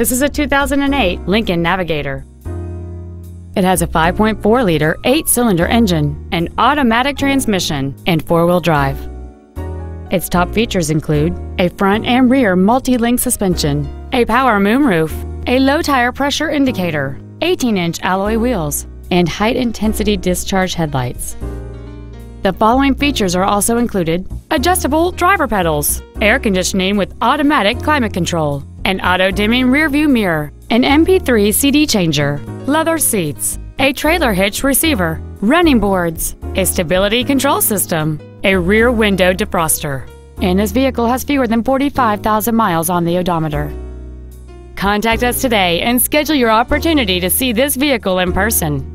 This is a 2008 Lincoln Navigator. It has a 5.4 liter, 8 cylinder engine, an automatic transmission, and four wheel drive. Its top features include a front and rear multi link suspension, a power moonroof, a low tire pressure indicator, 18 inch alloy wheels, and height intensity discharge headlights. The following features are also included adjustable driver pedals, air conditioning with automatic climate control, an auto-dimming rearview mirror, an MP3 CD changer, leather seats, a trailer hitch receiver, running boards, a stability control system, a rear window defroster, and this vehicle has fewer than 45,000 miles on the odometer. Contact us today and schedule your opportunity to see this vehicle in person.